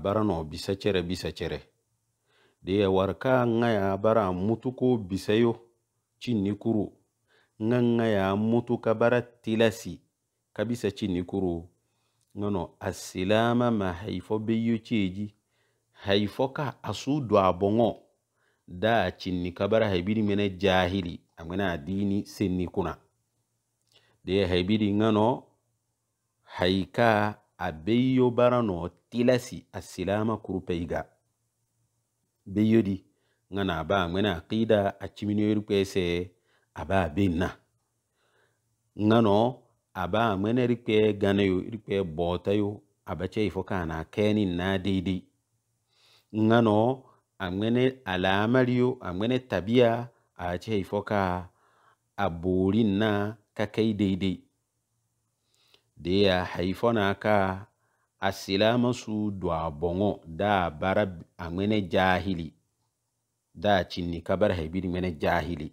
bara na o bisa cire bisa chere de warka ngaya bara mutu ko bisa bisayo chinni kuru nga ngaya mutu ka bara tilasi ka bisa kabisa chinni kuru a silama ma haifo beyo ji haifo ka a su do abongo da a chinni kabara haibiri mene jahili a amgana adini ni kuna de haibiri no haika a bara barano tilasi a ga kurupeiga di, ngana a ngwene aqida a a aba a ngano aba ngwene erikpe ganayo erikpe botayo abache ifo na keni na deidei ngano angwene alamariyo mana tabiya ache ifo ka aborin na kakai daidai deya hayifona ka asilama su dua bongo da bara a ŋmene jahili da cinni kabar haibiri ŋmene jahili